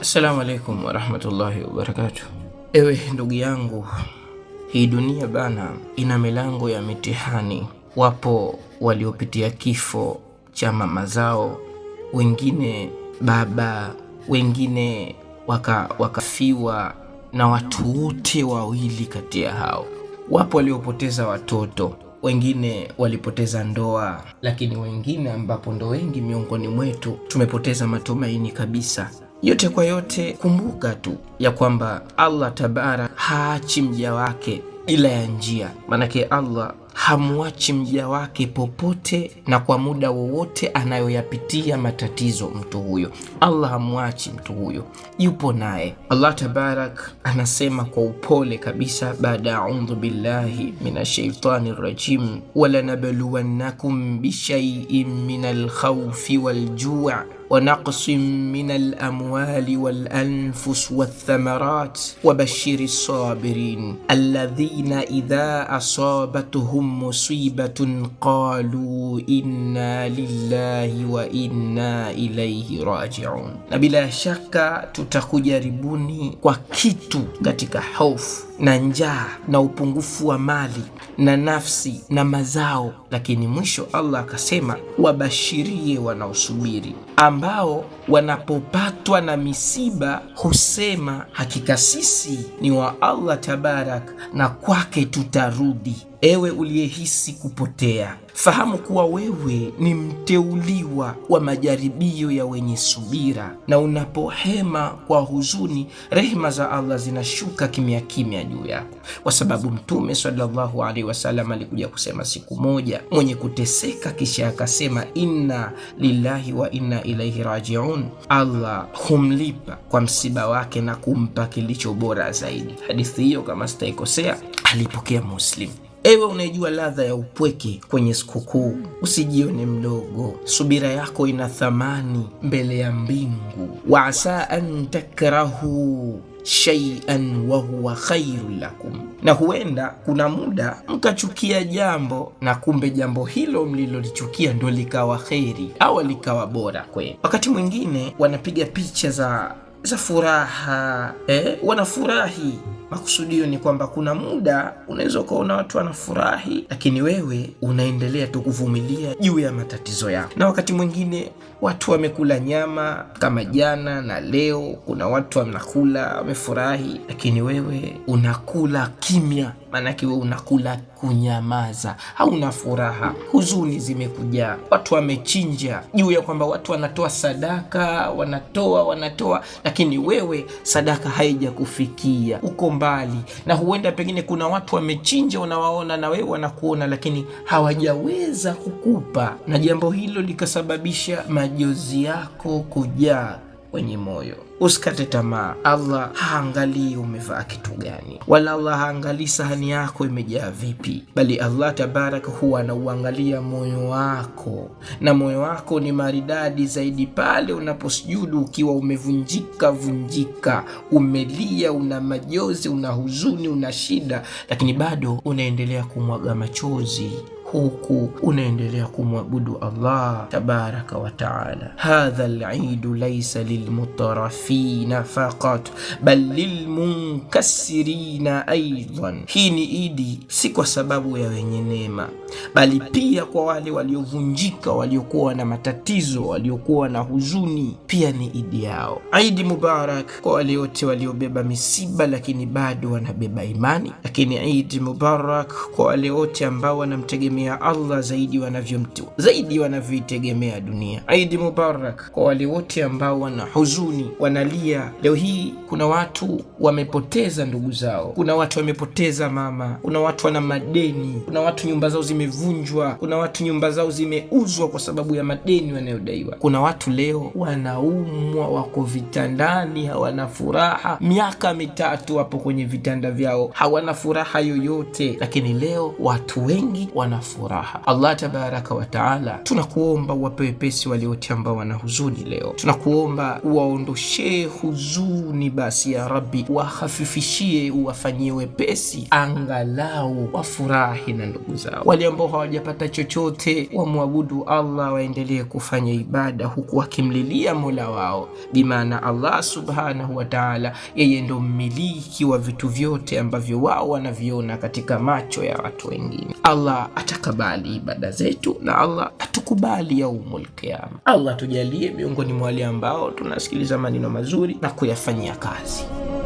Assalamu alaikum warahmatullahi wabarakatuh. Ewe ndugu yangu, hii dunia bana ina milango ya mitihani. Wapo waliopitia kifo cha mama zao, wengine baba, wengine waka, wakafiwa na watu wote wawili kati ya hao. Wapo waliopoteza watoto, wengine walipoteza ndoa, lakini wengine ambapo ndo wengi miongoni mwetu tumepoteza matumaini kabisa. Yote kwa yote, kumbuka tu ya kwamba Allah tabara haachi mja wake ila ya njia. Maanake Allah hamwachi mja wake popote na kwa muda wowote anayoyapitia matatizo mtu huyo. Allah hamwachi mtu huyo, yupo naye. Allah tabarak anasema kwa upole kabisa, baada audhu billahi minashaitani shaitani rajim, walanabluwannakum bishaiin min alkhaufi waljua ونقص من الأموال والأنفس والثمرات وبشر الصابرين الذين إذا أصابتهم مصيبة قالوا إنا لله وإنا إليه راجعون rajiun. Na bila shaka tutakujaribuni kwa kitu katika hofu na njaa na upungufu wa mali na nafsi na mazao, lakini mwisho Allah akasema wabashirie wanaosubiri. Am ambao wanapopatwa na misiba husema hakika sisi ni wa Allah tabarak na kwake tutarudi. Ewe uliyehisi kupotea, Fahamu kuwa wewe ni mteuliwa wa majaribio ya wenye subira, na unapohema kwa huzuni, rehema za Allah zinashuka kimya kimya juu yako, kwa sababu Mtume sallallahu alaihi wasallam alikuja kusema siku moja mwenye kuteseka, kisha akasema inna lillahi wa inna ilaihi rajiun, Allah humlipa kwa msiba wake na kumpa kilicho bora zaidi. Hadithi hiyo kama sitaikosea, alipokea Muslim. Ewe unayejua ladha ya upweke kwenye sikukuu, usijione mdogo. Subira yako ina thamani mbele ya mbingu. wa asa an takrahu shay'an wa huwa khairu lakum, na huenda kuna muda mkachukia jambo na kumbe jambo hilo mlilolichukia ndo likawa kheri au likawa bora kwenu. Wakati mwingine wanapiga picha za za furaha eh, wanafurahi Makusudio ni kwamba kuna muda unaweza ukaona watu wanafurahi, lakini wewe unaendelea tu kuvumilia juu ya matatizo yako, na wakati mwingine watu wamekula nyama kama jana na leo, kuna watu wanakula wamefurahi, lakini wewe unakula kimya maanake wewe unakula kunyamaza, hauna furaha, huzuni zimekujaa, watu wamechinja juu ya kwamba watu wanatoa sadaka, wanatoa wanatoa, lakini wewe sadaka haijakufikia, uko mbali na huenda pengine kuna watu wamechinja, unawaona na wewe wanakuona, lakini hawajaweza kukupa, na jambo hilo likasababisha majozi yako kujaa wenye moyo. Usikate tamaa. Allah haangalii umevaa kitu gani, wala Allah haangalii sahani yako imejaa vipi, bali Allah tabaraka huwa anauangalia moyo wako, na moyo wako ni maridadi zaidi pale unaposujudu ukiwa umevunjika vunjika, umelia, una majozi, una huzuni, una shida, lakini bado unaendelea kumwaga machozi huku unaendelea kumwabudu Allah tabaraka wa taala. Hadha lidu laisa lilmutarafina faqat bal lilmunkasirina aidan, hii ni idi si kwa sababu ya wenye neema, bali pia kwa wale waliovunjika, waliokuwa na matatizo, waliokuwa na huzuni, pia ni idi yao. Idi mubarak kwa wale wote waliobeba misiba, lakini bado wanabeba imani. Lakini idi mubarak kwa wale wote ambao wanamtegemea kumtegemea Allah zaidi wanavyomtu zaidi wanavyoitegemea dunia. Aidi mubarak kwa wale wote ambao wana huzuni, wanalia. Leo hii kuna watu wamepoteza ndugu zao, kuna watu wamepoteza mama, kuna watu wana madeni, kuna watu nyumba zao zimevunjwa, kuna watu nyumba zao zimeuzwa kwa sababu ya madeni wanayodaiwa. Kuna watu leo wanaumwa, wako vitandani, hawana furaha, miaka mitatu wapo kwenye vitanda vyao, hawana furaha yoyote, lakini leo watu wengi wana furaha. Allah tabaraka wa taala, tunakuomba uwape wepesi waliote ambao wana huzuni leo, tunakuomba uwaondoshee huzuni basi, ya Rabbi, wahafifishie, uwafanyie wepesi, angalau wafurahi na ndugu zao. Wale ambao hawajapata chochote, wamwabudu Allah, waendelee kufanya ibada huku wakimlilia mola wao, bimaana Allah subhanahu wa taala, yeye ndo mmiliki wa vitu vyote ambavyo wao wanaviona katika macho ya watu wengine. Allah ata akakubali ibada zetu, na Allah atukubali yaumul qiyama. Allah tujalie miongoni mwa wale ambao tunasikiliza maneno mazuri na kuyafanyia kazi.